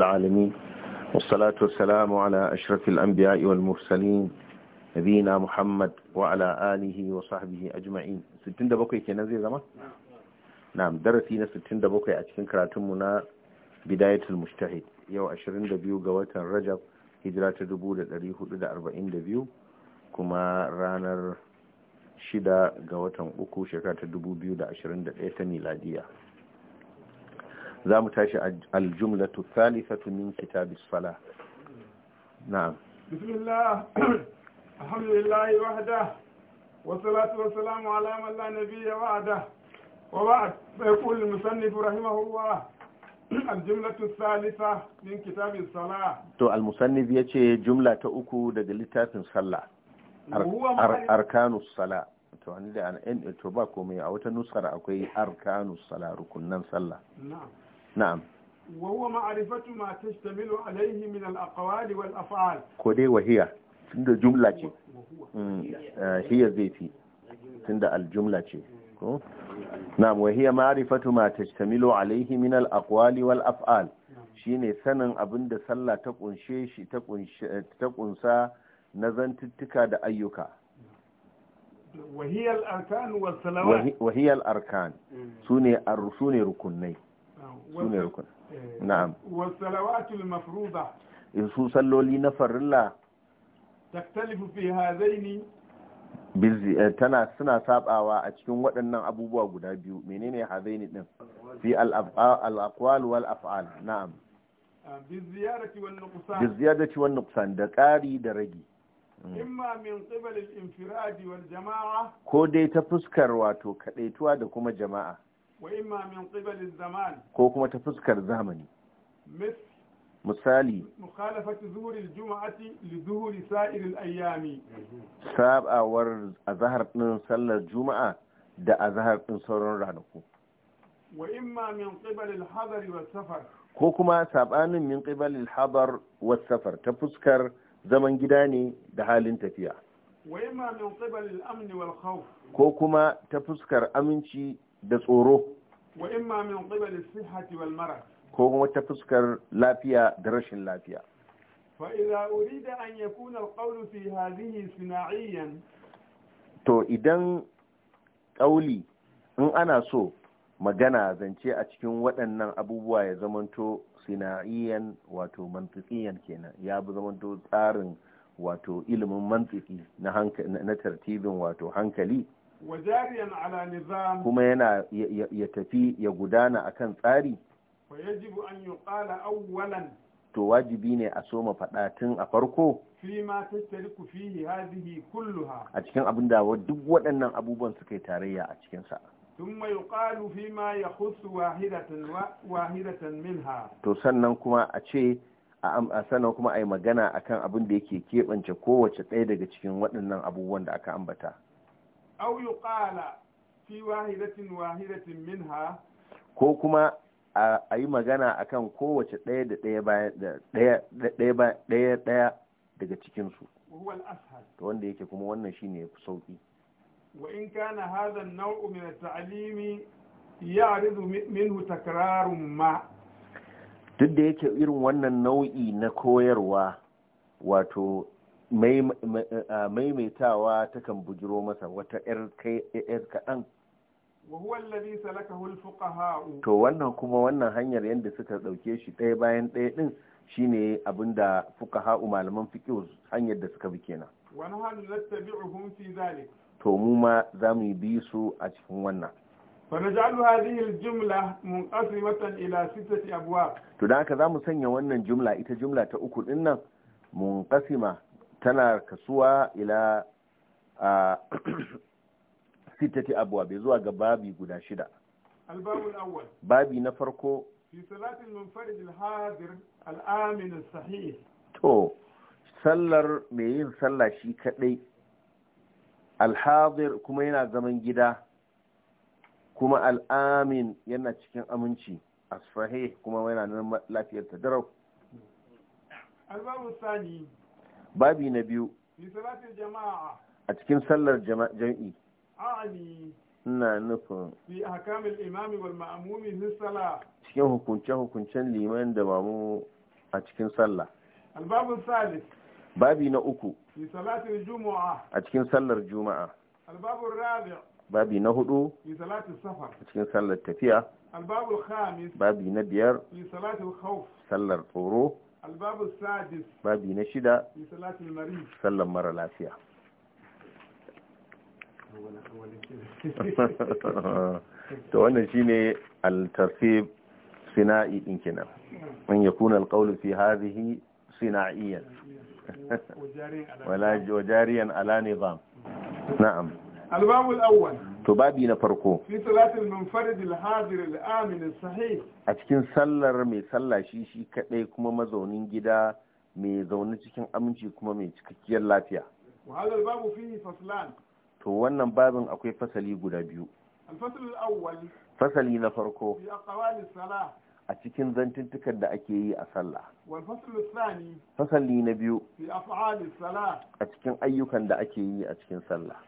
العالمين والصلاة والسلام على أشرف الأنبياء والمرسلين نبينا محمد وعلى آله وصحبه أجمعين ستين دبوكي كنا زي زمان نعم درسينا ستين دبوكي أتكين كراتمنا بداية المجتهد يو أشرين دبيو قوات رجب هجرة دبولة لريه لدى أربعين دبيو كما رانر شدا قوات أكو شكات دبو بيو دا أشرين دا ميلادية za mu tashi aljumlatu thalithatu min kitabis sala na'am bismillah alhamdulillahi wahda wa والسلام على من لا نبي بعده وبعد فيقول المصنف رحمه الله الجملة الثالثة من كتاب الصلاة تو المصنف يتي جملة أكو دقلتا في الصلاة أركان الصلاة to an da an to ba komai a wata nusar akwai arkanu sala rukunnan sallah na'am na'am wawwa ma'arifatu ma tashtamilu ko dai wahiya tunda jumla ce mm, eh, na'am wahiya ma'arifatu ma tashtamilu alayhi min al-aqwal af'al shine sanin abinda sallah ta kunshe shi kunsa na zantuttuka da ayyuka wahiyal arkan wa salawat mm. rukunai su ne rukun eh, na'am wasalawatul mafruda eh, su salloli na farilla taktalifu fi hadaini bizi eh, tana suna sabawa a cikin waɗannan abubuwa guda biyu menene hadaini din fi al-aqwal wal af'al na'am ah, bi biziyadati wan nuqsan da ƙari da ragi mm. imma min qibal al-infiradi wal jama'a ko dai ta fuskar wato kadaituwa da kuma jama'a ko kuma ta fuskar zamani misali mukhalafati zuhuril juma'ati li zuhuri sa'iril ayyami sabawar azhar din sallar juma'a da azhar din sauran ranaku wa imma min qibal al hadar wa ko kuma sabanin min qibal al hadar wa safar ta fuskar zaman gida ne da halin tafiya wa imma min qibal al wal khawf ko kuma ta fuskar aminci da tsoro wa imma min qibal sihhati wal marad ko kuma ta fuskar lafiya da rashin lafiya fa idza urida an yakuna al-qawl fi hadhihi sina'iyan to idan kauli in ana so magana zance a cikin waɗannan abubuwa ya zamanto sina'iyan wato mantiqiyan kenan ya bi zamanto tsarin wato ilimin mantiki na tartibin wato hankali kuma yana ya tafi ya gudana akan tsari to wajibi ne a soma faɗatin a farko a cikin abin da duk waɗannan abubuwan suka yi tarayya a cikinsa to sannan kuma a ce a sannan kuma a yi magana akan abin da yake keɓance kowace ɗaya daga cikin waɗannan abubuwan da aka ambata aw yuqala fi wahidatin wahidatin minha ko kuma a yi magana akan kowace ɗaya da ɗaya ɗaya ɗaya ɗaya daga cikin su to wanda yake kuma wannan shine yafi sauki wa in kana hadha an-naw'u min at-ta'limi يعرض minhu takrarun ma duk da yake irin wannan nau'i na koyarwa wato maimaitawa takan bujiro masa wata 'yar kaɗan to wannan kuma wannan hanyar yadda suka ɗauke shi ɗaya bayan ɗaya ɗin shi ne abin da fuka fuqaha malaman fiqh hanyar da suka bi kenan wa nahnu nattabi'uhum za zalik to mu ma zamu bi su a cikin wannan fa naj'alu hadhihi al-jumla watan ila sittati abwab to dan za mu sanya wannan jumla ita jumla ta uku din nan mun munqasima tana kasuwa ila a sitati abuwa bai zuwa ga babi guda shida babi na farko to sallar mai yin sallah shi kadai alhazir kuma yana zaman gida kuma al'amin yana cikin aminci asfahe kuma yana nan lafiyar ta darau babi na biyu a cikin sallar jam'i ina nufin cikin hukunce-hukuncen liman da mamu a cikin sallah babi na uku a cikin sallar juma'a babi na hudu a cikin sallar tafiya babi na biyar sallar tsoro الباب السادس باب نشدة في صلاة المريض سلم مرة لافية تولى شيني الترتيب صناعي إن كنا من يكون القول في هذه صناعيا ولا وجاريا على نظام نعم الباب الأول to babi na farko a cikin sallar mai sallashi shi shi kadai kuma mazaunin gida mai zaune cikin aminci kuma mai cikakkiyar lafiya to wannan babin akwai fasali guda biyu fasali na farko a cikin zantuntukan da ake yi a sallah fasali na biyu a cikin ayyukan da ake yi a cikin sallah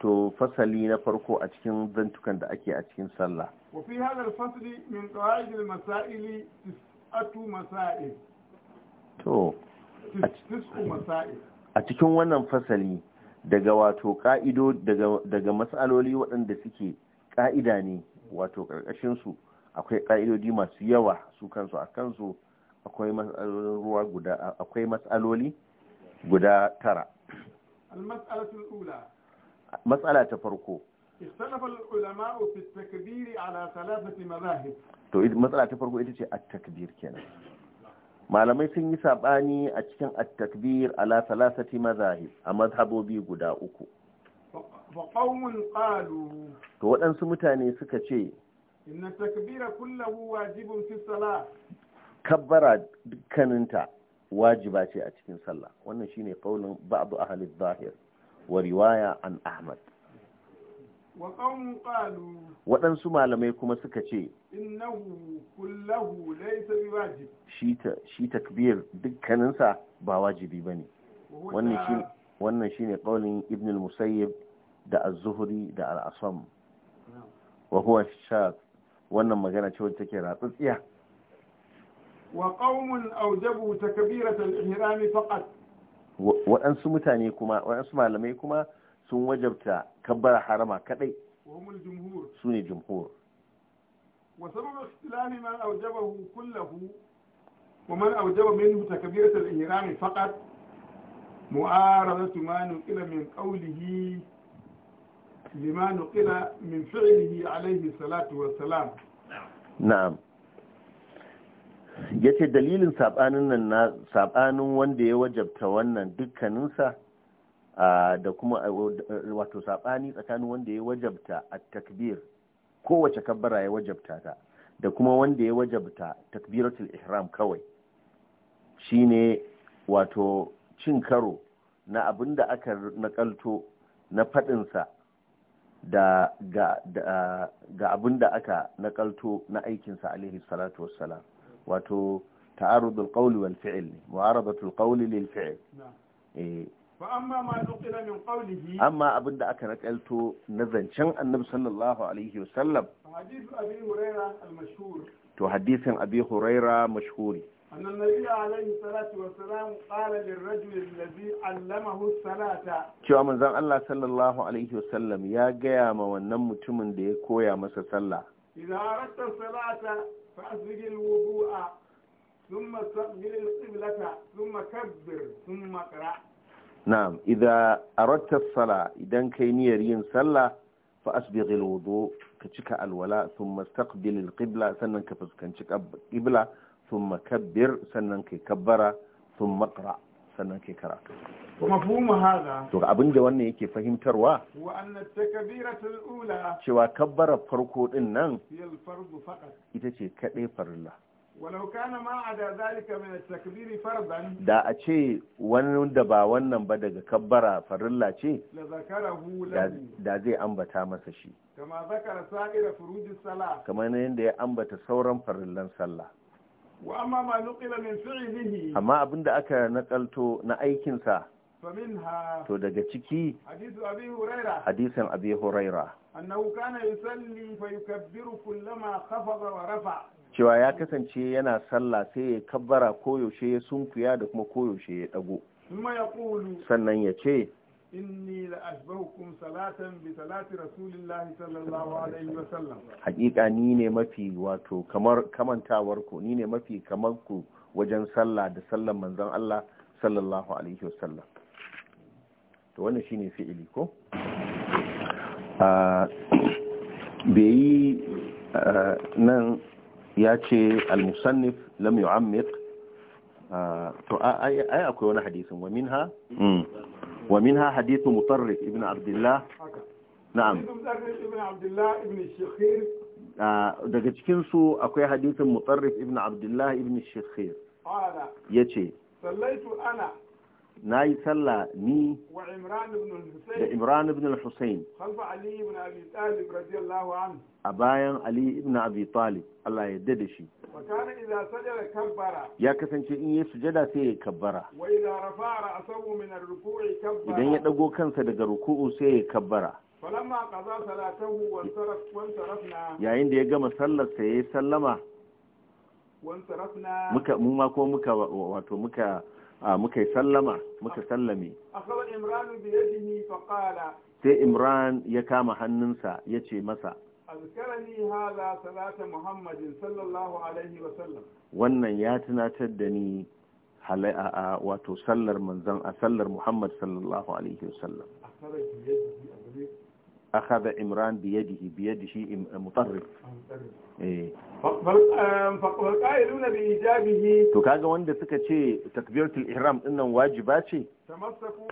to fasali na farko a cikin zantukan da ake a cikin sallah wa fi hadha min qawaid tis'atu masail to a cikin wannan fasali daga wato ka'ido daga matsaloli waɗanda suke ka'ida ne wato ƙarƙashin su akwai ka'idodi masu yawa su kansu a kansu akwai matsalolin ruwa guda akwai matsaloli guda tara matsala ta farko to matsala ta farko ita ce at malamai sun yi saɓani a cikin at-takbir ala salasati mazahib a guda uku to waɗansu mutane suka ce inna takbira kullahu wajibun fi salah kabbara dukkaninta wajiba ce a cikin sallah wannan shine kaulin ba'd ahli zahir wa riwaya an ahmad waɗansu malamai kuma suka ce shi takbir dukkaninsa ba wajibi ba ne wannan shi ne ƙaunin ibn musayyib da az-zuhri da al-asam wa huwa wannan magana ce wadda take ratsatsiya وقوم أوجبوا تكبيرة الإحرام فقط وأن متاني كما وأنسوا معلمي يكما سن وجبت كبر حرما كدي وهم الجمهور سوني جمهور وسبب اختلال من أوجبه كله ومن أوجب منه تكبيرة الإحرام فقط معارضة ما نقل من قوله لما نقل من فعله عليه الصلاة والسلام نعم ya ce dalilin saɓanin nan na saɓanin wanda ya wajabta wannan dukkaninsa da kuma wato saɓani tsakanin wanda ya wajabta a takbir kowace kabbara ya wajabta ta da kuma wanda ya wajabta takbiratul ihram kawai shine wato cin karo na abin da aka nakalto na faɗinsa da ga abin da aka nakalto na aikinsa alaihi salatu wassalam wato ta'arudul qawli wal fi'l mu'aradatul qawli lil fi'l eh amma abin da aka nakalto na zancen annabi sallallahu alaihi wasallam to hadisin abi huraira mashhuri أن النبي عليه الصلاة والسلام قال للرجل الذي علمه salata. cewa manzon Allah sallallahu alaihi wasallam ya gaya ma wannan mutumin da ya koya masa sallah idan aratta salata فأسبغ الوضوء ثم استقبل القبلة ثم كبر ثم اقرأ نعم إذا أردت الصلاة إذا كان يرين صلاة فأسبغ الوضوء كتشك الولاء ثم استقبل القبلة سنن كفز كنشك قبلة ثم كبر سنن كبر ثم اقرأ sannan kai kara. kuma fu mu haza to ga abin da wannan yake fahimtarwa wa anna takbiratul ula cewa kabbara farko din nan yal fardu faqat ita ce kadai farilla takbiri da a ce da ba wannan ba daga kabbara farilla ce la zakarahu da zai ambata masa shi kama zakara sa'ira furujus Sala. kamar yadda ya ambata sauran farillan sallah amma abin da aka nakalto na aikinsa to daga ciki hadisin abi huraira cewa ya kasance yana sallah sai ya kabbara koyaushe ya sunkuya da kuma koyaushe ya dago sannan ya ce inni la ashbahukum salatan bi salati rasulillahi sallallahu alaihi wa hakika ni ne mafi wato kamar kamantawar ku ni ne mafi kamar ku wajen sallah da sallan manzon Allah sallallahu alaihi wa sallam to wannan shine fi'ili ko a bai nan ya ce al-musannif lam yu'ammiq to ai akwai wani hadisin wa minha ومنها حديث مطرف ابن عبد الله نعم ابن عبد الله ابن الشخير daga cikin su akwai hadisin mutarrif ibn abdullah ah, ibn shekhir ya ce sallaitu ana na yi sallah ni da imran ibn al hussein a bayan ali ibn abi talib Allah ya da shi ya kasance in yi sujada sai ya kabbara idan ya dago kansa daga ruku'u sai ya kabbara yayin da ya gama sallar sa yi sallama muka mu ma ko muka wato muka Ah, muka yi sallama muka sallame sai imran ya kama hannunsa ya ce masa wannan ya tunatar da ni wato sallar manzan a sallar muhammad sallallahu alaihi wasallam أخذ إمران بيده بيده مطرف فالقائلون بإيجابه تكاد وند سكتشي تكبيرة الإحرام إنه واجباتي تمسكوا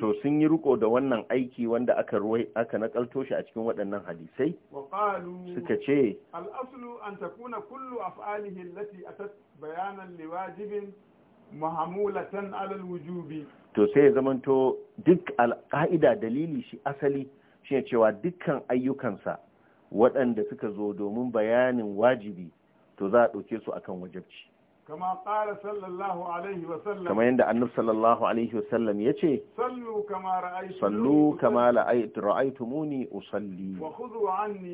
To sun yi riko da wannan aiki wanda aka ruwai aka shi a cikin waɗannan hadisai suka ce al'aslu an takuna kullu af'alihi a atat bayanan liwajibin mahamulatan alal wujubi to sai ya zamanto duk al'a'ida dalili shi asali shi ne cewa dukkan ayyukansa waɗanda suka zo domin bayanin wajibi to za a ɗauke su akan wajabci kama ƙara sallallahu alaihi wasallam kama yadda annab sallallahu alaihi wasallam ya ce sallu kama ra'aitu muni usalli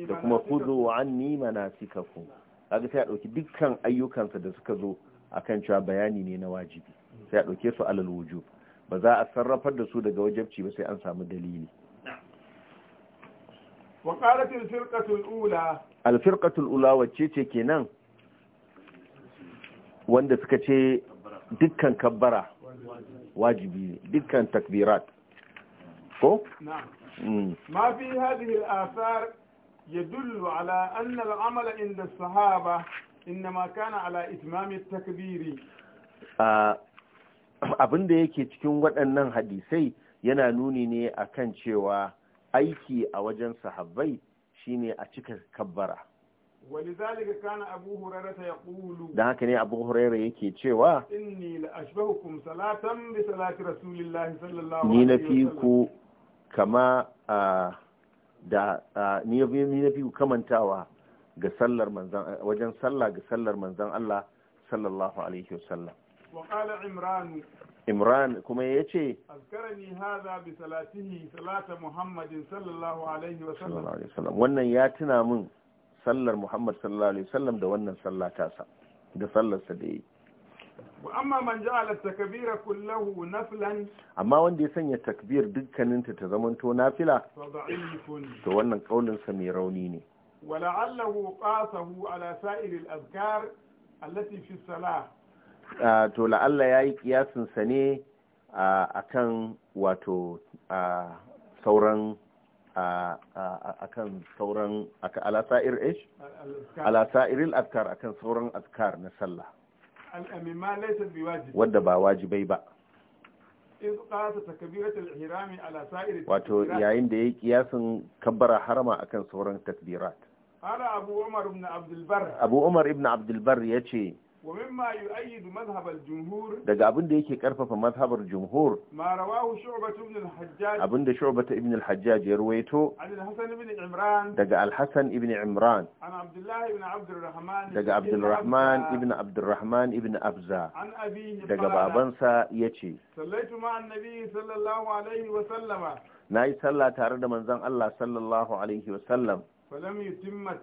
da kuma kudu anni manasikakum kaga sai a ɗauki dukkan ayyukansa da suka zo akan cewa bayani ne na wajibi sai a ɗauke su alal wujub ba za a sarrafar da su daga wajabci ba sai an samu dalili وقالت الفرقة الأولى الفرقة الأولى wanda suka ce dukkan kabbara wajibi dukkan takbirat ko hmm. ma fi hadhihi al ya dullu ala anna amala inda sahaba sahaba inma kana ala itmam takbiri. Ah, abin da yake cikin waɗannan hadisai yana nuni ne akan cewa aiki a wajen sahabbai shine a cika kabbara Wani كان أبو هريرة يقول ده كان أبو هريرة يكي تشوا إني لأشبهكم صلاة بصلاة رسول الله صلى الله عليه وسلم نينا فيكو da ni na fi ku kamantawa wajen sallah ga sallar manzan Allah sallallahu alaihi wasallam وقال عمران عمران كما يجي أذكرني هذا بصلاته صلاة محمد صلى الله عليه وسلم صلى الله عليه وسلم وانا ياتنا من صلى محمد صلى الله عليه وسلم ده وانا صلى تاسا ده صلى سدي وأما من جعل التكبير كله نفلا أما وان دي سنة تكبير دكا انت تزمنتو نافلة فضعيف ده وانا قول سميرونيني ولعله قاسه على سائر الأذكار التي في الصلاة to la'alla ya yi kiyasinsa ne a kan wato sauran akan sauran alasa'ir ish alasa'iril azkar akan sauran askar na sallah wadda ba wajibai ba wato yayin da ya yi kiyasin kabbara harama akan sauran takbirat abu umar ibn abdulbar ya ce ومما يؤيد مذهب الجمهور daga abin da yake karfafa mazhabar jumhur ma rawahu da shu'bah ibn al-hajjaj ya ruwaito al imran daga al-hasan ibn imran an abdullah daga abd ibn abd ibn abza daga babansa yace sallaitu ma annabi sallah tare da manzon Allah sallallahu alaihi wa sallam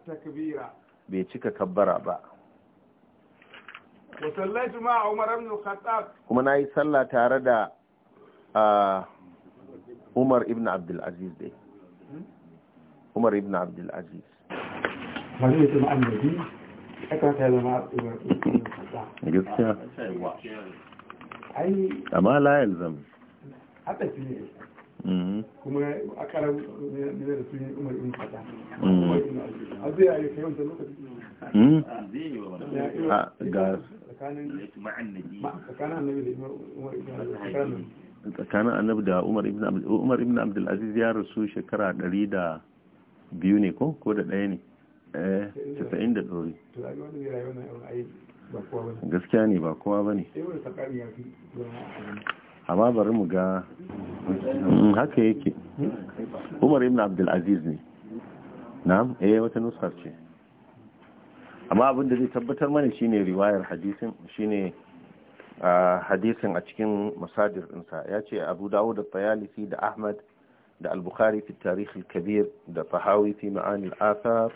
takbira bai cika kabbara ba wasallaitu ma Umar ibn Khattab kuma nayi sallah tare da Umar ibn Abdul Aziz dai Umar ibn Abdul Aziz annabi aka Umar ibn gaskiya ai amma la yalzam shi kuma a da Umar ibn Khattab a zai yi lokacin tsakanin annabi da umar ibn umar ya rasu shekara ɗari da biyu ne ko ko da ɗaya ne eh da ɗori gaskiya ne ba kowa ba ne amma bari mu ga mm, haka yake umar ibn abdul ne na'am eh wata nusar ce amma abin da zai tabbatar mana shine riwayar hadisin shine hadisin a cikin masadir ɗinsa ya ce abu dawud da tayalisi da ahmad da al-bukhari fi tarihi kabir da fahawi fi ma'ani al-athar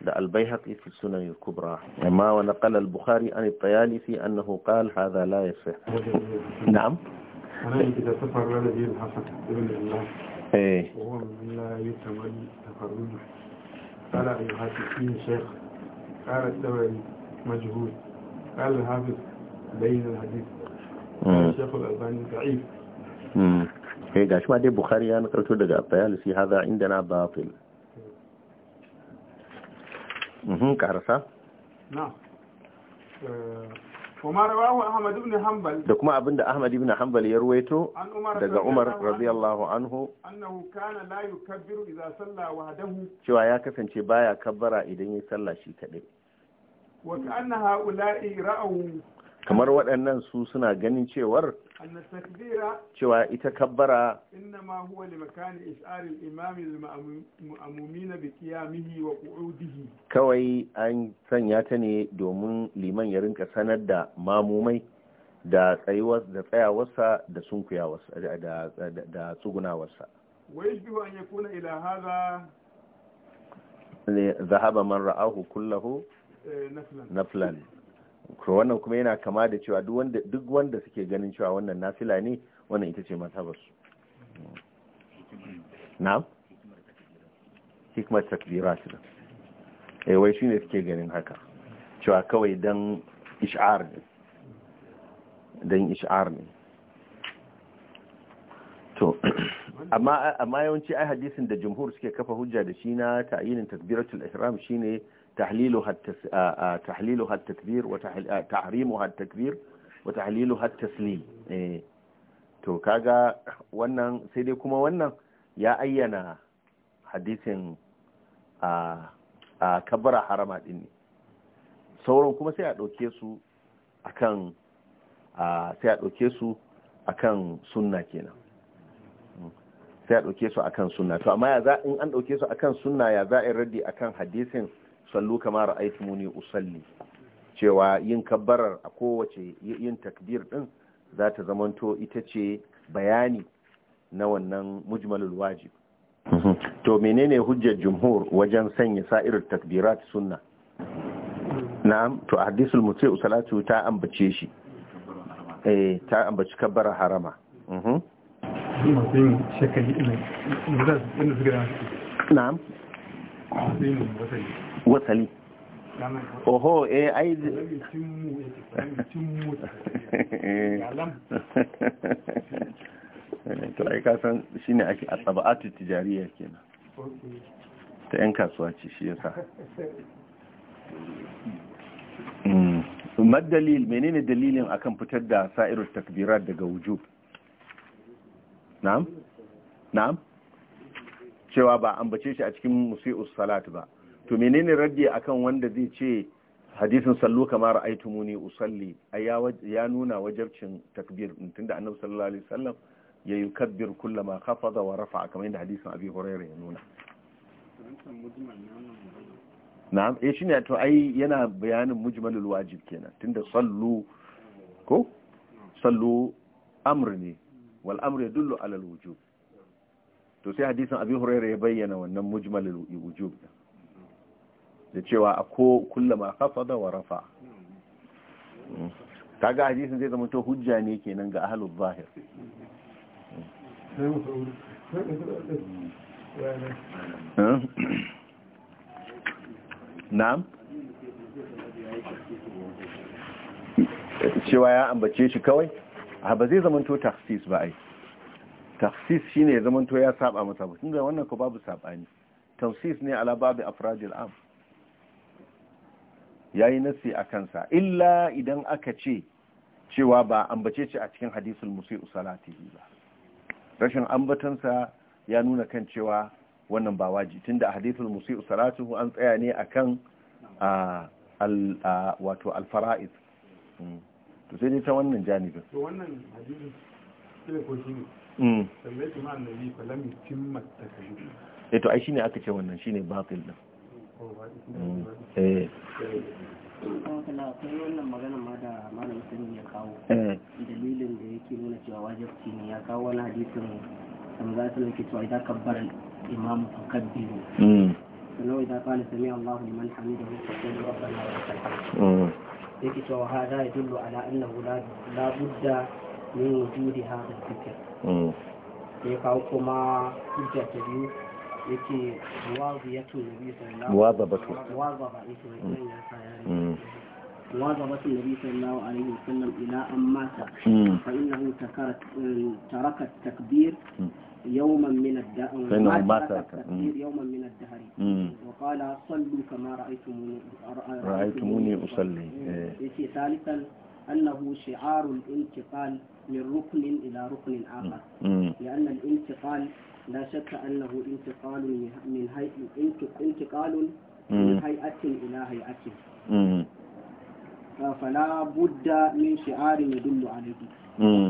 da al-baihaqi fi sunan al-kubra amma wa naqala al-bukhari an at-tayalisi annahu qala hadha la yasih na'am ana yi da tafarra da bin hasan ibn allah eh قال الثوري مجهول dai bukhari ya nakalto daga abayalisi haza inda na batil mhm da kuma abinda ahmad ibn hanbal ya ruwaito daga umar radiyallahu anhu annahu kana la cewa ya kasance baya kabbara idan ya sallah shi kadai kamar waɗannan su suna ganin cewar cewa ita kabbara kawai an sanya ta ne domin liman ya rinka sanar da mamumai da tsayawarsa da da tsugunawarsa zahaba man ra'ahu kullahu Eh, nafila ne wannan kuma yana kama da cewa duk wanda suke ganin cewa wannan nafila ne wannan ita ce mazhabarsu na? hikmar takbira su eh, da wai shi ne suke ganin haka cewa kawai don ish'ar ne don ish'ar ne to amma yawanci ai hadisin da jumhur suke kafa hujja da shi na ta'ayinin takbiratul ihram shine تحليلها التس... تحليلها التكبير وتحريمها التكبير وتحليلها التسليم to kaga wannan sai dai kuma wannan ya ayyana hadisin a kabara harama din ne sauran kuma sai a ɗauke su akan sai a dauke su akan sunna kenan sai a ɗauke su akan sunna to amma ya za in an ɗauke su akan sunna ya za a raddi akan hadisin sallu kama muni usalli cewa yin kabbarar a kowace yin takbir din za ta zamanto ita ce bayani na wannan mujmalul wajib mhm. to menene hujjar jumhur wajen sanya sa'ir takbirat sunna na'am to hadisul mutsi salatu ta ambace shi eh ta ambaci kabbara harama mhm. na'am wasali oho eh ai to ai kasan shine ake asabatu tijariya kenan ta yan kasuwa ce shi yasa mm. mad dalil menene dalilin akan fitar da sa'irut takbirat daga wujub na'am na'am cewa ba ambace shi a cikin musu'u salat ba to menene raddi akan wanda zai ce hadisin sallu kamar aitumuni usalli ya nuna wajabcin takbir tunda annabi sallallahu alaihi wasallam ya yi kullama khafada wa rafa'a kamar yadda hadisin abi hurairah ya nuna na'am eh shine to ai yana bayanin mujmalul wajib kenan tunda sallu ko sallu amr ne wal amru yadullu ala al wujub to sai hadisin abi huraira ya bayyana wannan mujmalul wujub da cewa a ko kullama khafada wa rafa kaga hadisin zai zama to hujja ne kenan ga ahlul zahir hmm? na'am cewa ya ambace shi kawai ba zai zama to takhsis ba ai tafsis shine ya zamanto ya saba masa ba tunda wannan ko babu sabani tafsis ne ala babu afradil am yi nasi a kansa illa idan aka ce cewa ba ambace ce a cikin hadisul musu salatihi ba rashin ambatansa ya nuna kan cewa wannan ba waji tunda a hadithul musu an tsaya ne akan al wato al hmm. to sai dai ta wannan janibin to wannan hadisi ko ne Mm. Eh, to ai shine aka ce wannan shine batil din mm. eh wannan magana ma da sun ya kawo eh. dalilin da yake nuna cewa wajibi ne ya kawo wani hadisin za su yake cewa idan kabbar imam mm. sannan idan kana sami Allahu liman wa yake cewa من وجود هذا dhikr sai kawo kuma hujja يكي biyu النبي صلى الله عليه وسلم wasallam muwazaba ita wannan مواظبة النبي صلى الله عليه وسلم إلى أن مات فإنه ترك التكبير يوما من الدهر مات التكبير يوما من الدهر وقال صلوا كما رأيتموني رأيتموني أصلي ثالثا أنه شعار الانتقال من ركن إلى ركن آخر لأن الانتقال لا شك أنه انتقال من هيئة انتقال من هيئة إلى هيئة فلا بد من شعار يدل عليه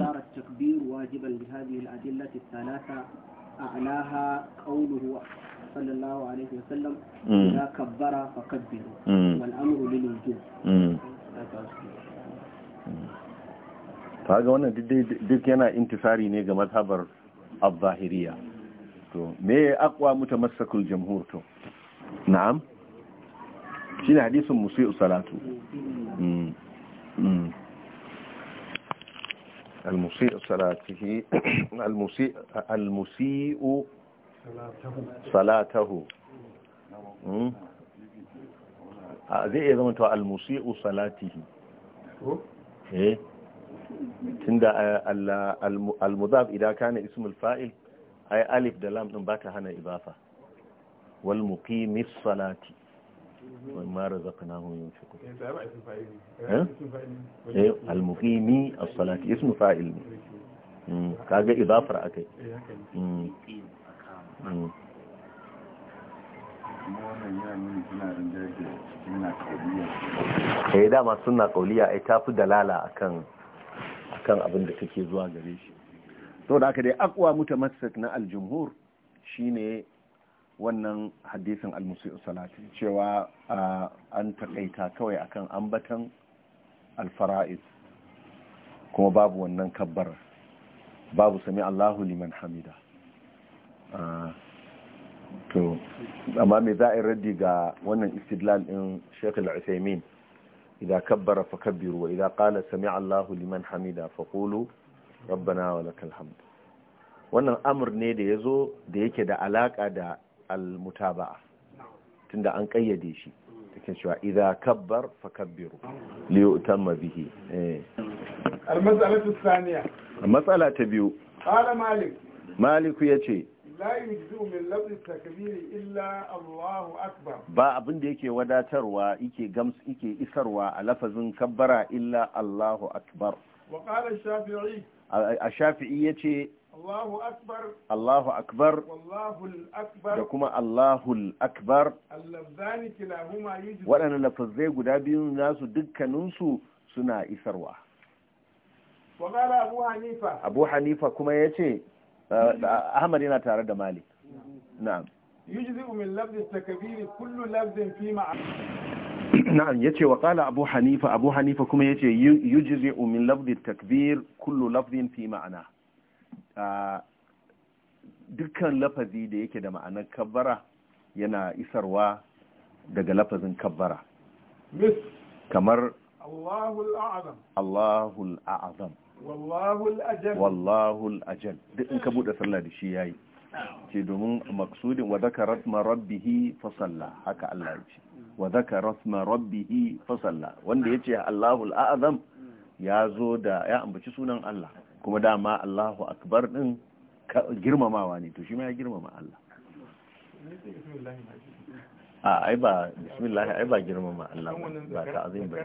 صار التكبير واجبا بهذه الأدلة الثلاثة أعلاها قوله صلى الله عليه وسلم إذا كبر فكبروا والأمر للوجوب kaga wannan duk yana intisari ne ga mazhabar al-zahiriya to me aqwa mutamassakul jamhur to na'am shine hadisin musii'u salatu المسيء صلاته المسيء المسيء صلاته zai iya zama to al-musi'u salatihi eh tunda eh, al-mudaf idan kana ismul fa'il ai alif da lam din bata hana ibafa wal muqimis salati wa ma razaqnahum yunfiqun eh? eh al muqimi as salati ismul fa'il hmm, kaga ibafar akai eh, hmm. Hmm. eh dama suna kauliya ai tafi dalala akan akan abin da take zuwa gare shi da aka dai akwa mutamassik na aljumhur shine wannan hadisin almusi'u salati cewa an takaita kawai akan ambatan alfara'is kuma babu wannan kabbar babu sami Allahu liman hamida to amma me za'in raddi ga wannan istidlal din Sheikh al إذا كبر فكبروا وإذا قال سمع الله لمن حمدا فقولوا ربنا ولك الحمد wannan amur ne da ya zo da yake da alaƙa da almutaba'a tunda an ƙayyade shi cikin cewa idza kabbar fakabbiru li yu'tamma bihi eh. al-mas'alatu thaniya mas'ala ta biyu qala malik malik yace la yujzu min lafzi takbir illa Allahu akbar ba abin da yake wadatarwa yake gams yake isarwa a lafazin kabbara illa Allahu akbar wa qala shafi'i ash-shafi'i yace Allahu akbar Allahu akbar wallahu akbar da kuma Allahu akbar allazani kilahuma yujzu lafazai guda biyun nasu dukkaninsu suna isarwa wa qala abu hanifa abu hanifa kuma yace ahmad yana tare da malik na'am yujzi min lafzi takbir kullu lafzin fi ma'ana na'am yace wa qala abu hanifa abu hanifa kuma yace yujzi min lafzi takbir kullu lafzin fi ma'ana ah, dukkan lafazi da yake da ma'anar kabbara yana isarwa daga lafazin kabbara kamar Allahul A'azam Allahul A'azam wallahul al'ajal duk in ka hmm. buɗe sallah da shi yi ce domin maksudin wa zaka rasma rabbihi fasalla haka Allah ya ce hmm. wa zaka rasma rabbihi fa salla wanda ce Allahul a'zam hmm. ya zo da ya ambaci sunan Allah kuma dama Allahu akbar din girmamawa ne to shi ma ya girmama Allah a ai ba bismillah ai ba girmama Allah ba ta azim ba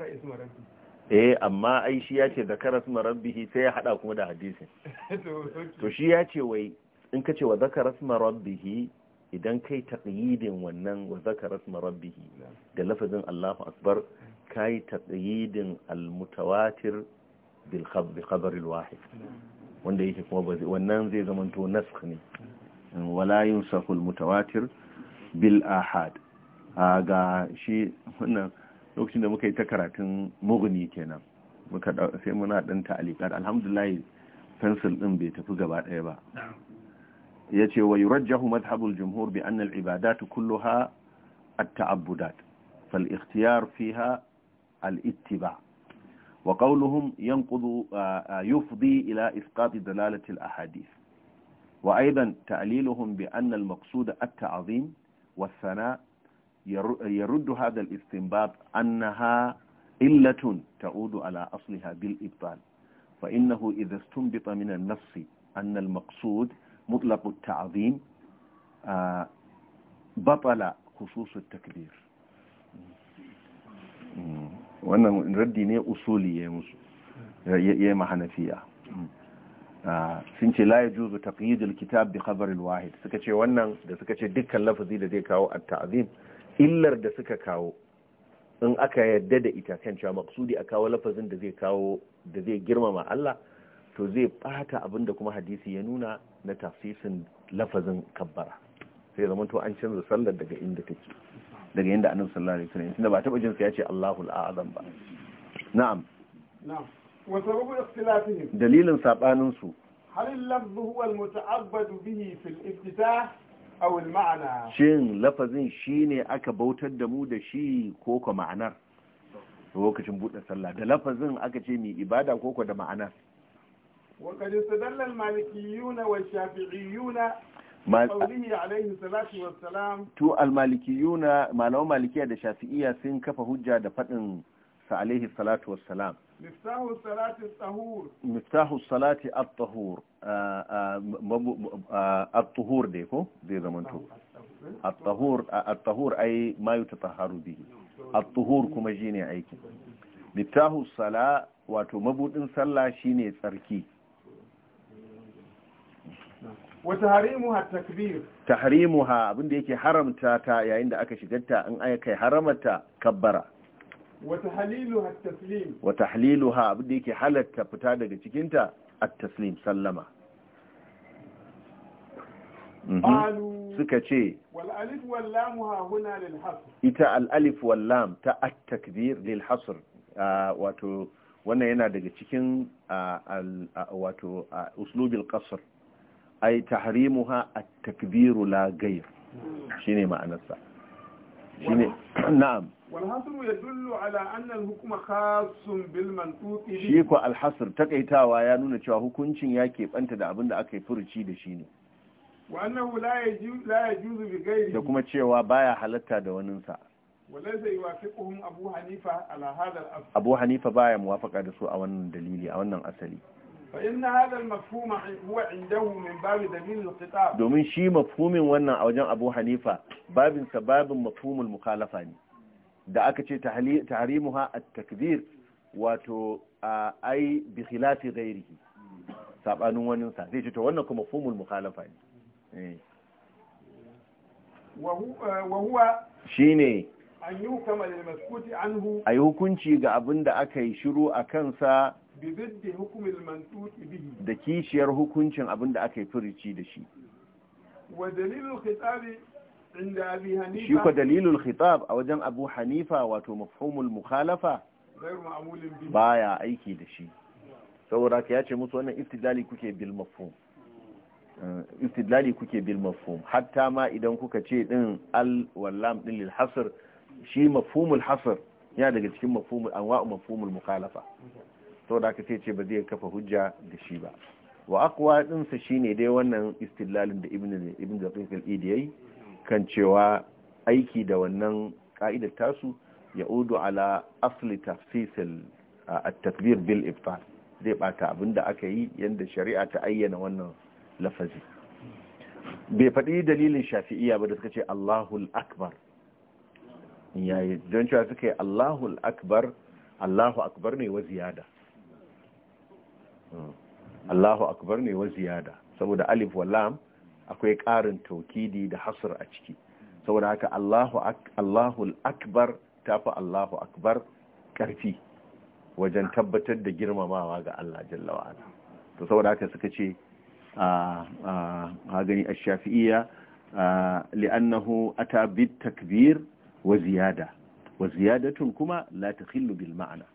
eh amma ai shi ya ce zakara suma rabbihi sai ya hada kuma da hadisin to shi ya ce wai in ka ce wa zakara suma rabbihi idan kai taqyidin wannan wa zakara suma rabbihi da lafazin Allahu akbar kai taqyidin al-mutawatir bil khabar al-wahid wanda yake kuma wannan zai zamanto nasakh ne wala yunsafu mutawatir bil ahad ga shi wannan lokacin da muka yi ta karatun mugni kenan muka sai muna dan ta'alikat alhamdulillah pencil din bai tafi gaba daya ba yace wa yurajjahu madhhabul jumhur bi anna al ibadat kulluha at ta'abbudat fal ikhtiyar fiha al ittiba wa qawluhum yanqudu yufdi ila isqat dalalati al ahadith wa aidan ta'liluhum bi anna وأيضا تأليلهم بأن المقصود التعظيم والثناء يرد هذا الاستنباط أنها إلة تعود على أصلها بالإبطال فإنه إذا استنبط من النص أن المقصود مطلق التعظيم بطل خصوص التكبير wannan نردي ني usuli يا musu ya mahanafiya mm. uh, sun ce la yajuzu taqyidul kitab bi khabar al wahid suka ce wannan da suka ce dukkan lafazi da zai kawo at-ta'zim illar da suka kawo in aka yarda da ita kan cewa maksudi a kawo lafazin da zai kawo da zai girmama Allah to zai bata abin da kuma hadisi ya nuna na tafsirin lafazin kabbara sai zama to an canza sallar daga inda take daga inda annabi sallallahu alaihi wasallam tunda ba taba jin ce yace al a'zam ba na'am na'am wa sababu ikhtilafihim dalilin sabanin su hal lafzu huwa al mutaabbadu bihi fil iftitah shin lafazin shi ne aka bautar da mu da shi ko ko ma'anar lokacin buɗe sallah da lafazin aka ce mi ibada ko da ma'anar وقد استدل المالكيون والشافعيون عليه الصلاة والسلام تو المالكيون ما مالكية da shafi'iyya sun kafa hujja da faɗin sa alaihi salatu miftahu salati salati at-tahur at-tahur dai ko zai zamanto at-tahur at-tahur ai ma yutatahharu bihi at-tahur kuma shine aikin miftahu sala wato mabudin sallah shine tsarki وتحريمها التكبير تحريمها abinda yake haramta ta yayin da aka shigarta in aka kai haramata kabbara wa tahliluha abin da yake halatta fita daga cikinta at-taslim sallama mhm. suka ce ita al'alif wallam ta at-takbir lil hasr wato wannan yana daga cikin wato uslubil qasr ay tahrimuha at-takbir la ghayr hmm. shine ma'anarsa shine na'am والحصر يدل على أن الحكم خاص بالمنطوق به شيء كو الحصر تقيتاوا ya nuna cewa hukuncin ya keɓanta da abin da aka yi furuci da shi ne wa annahu la yajuz la yajuz bi ghairihi da kuma cewa baya halatta da wanin sa walaysa yuwafiquhum abu hanifa ala hadha al-asl abu hanifa baya muwafaqa da su a wannan dalili a wannan asali فإن هذا المفهوم هو عنده من باب دليل الخطاب دومين شي مفهومين wannan a wajen Abu Hanifa babin sababin mafhumul mukhalafa ne da aka ce tahrimuha at-takbir wato ai bi khilafi ghairihi sabanin wani sa zai ce to wannan kuma mafhumul mukhalafa ne eh. eh, wa huwa shine an yi hukunci ga abin da aka yi shiru a kansa da kishiyar hukuncin abin da aka yi furici da shi shi kwa dalilul khitab a wajen abu hanifa wato mafhumul mukhalafa baya aiki da shi saboda ka ya ce musu wannan istidlali kuke bil mafhum eh, istidlali kuke bil mafhum hatta ma idan kuka ce din al wallam din lil hasr shi mafhumul hasr yana daga cikin mafhumul anwa'u mafhumul mukhalafa saboda da sai ce ba zai kafa hujja da shi ba wa akwa ɗinsa shine dai wannan istilalin da ibn ibn daqiq al kan cewa aiki da wannan ka'idar tasu ya udu ala asli tafsis a takbir bil ibtal zai bata abinda aka yi yanda shari'a ta ayyana wannan lafazi bai faɗi dalilin shafi'iya ba da suka ce Allahul Akbar yayi don cewa suka yi Allahul Akbar Allahu Akbar ne wa ziyada Allahu akbar ne wa ziyada saboda alif wa lam akwai ƙarin taukidi da hasr a ciki saboda haka Allahu Allahu akbar tafi Allahu akbar karfi wajen tabbatar da girmamawa ga Allah jalla wa ala to saboda haka suka ce ah, ah, a ha gani ash-shafi'iyya ah, li'annahu ata bit takbir wa ziyada wa ziyadatun kuma la takhillu bil ma'ana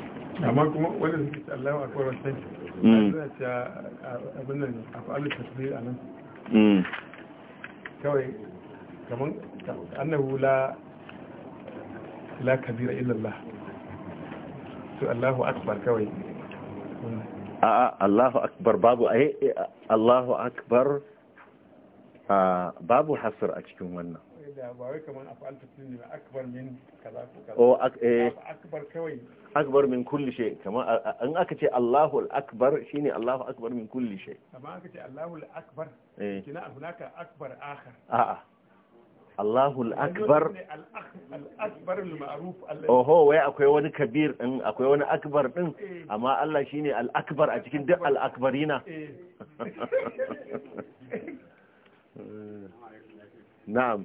amma kuma wani da suke Allah a kawar sai suna hmm. cewa abin nan a fa'alu tasbih a nan hmm. kawai kamar annahu la la kabira illallah su Allahu akbar kawai a'a Allahu akbar babu ai eh, eh, Allahu akbar ah, babu hasr a cikin wannan ba wai kamar akbar min kaza ko kaza eh, akbar kawai akbar min kulli shay kamar an aka ce Allahu akbar shine Allahu akbar min kulli shay amma aka ce Allahu akbar eh. kina hunaka akbar akhar a'a Allahu akbar al-akbar al-ma'ruf oho wai akwai wani kabir din akwai wani akbar din eh. amma Allah shine al-akbar a cikin duk al-akbarina na'am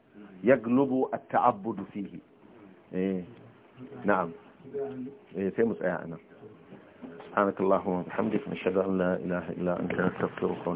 yaglubu at-ta'abbudu fihi eh na'am eh, sai mu tsaya anan subhanakallahumma wa bihamdika nashhadu an la ilaha illa anta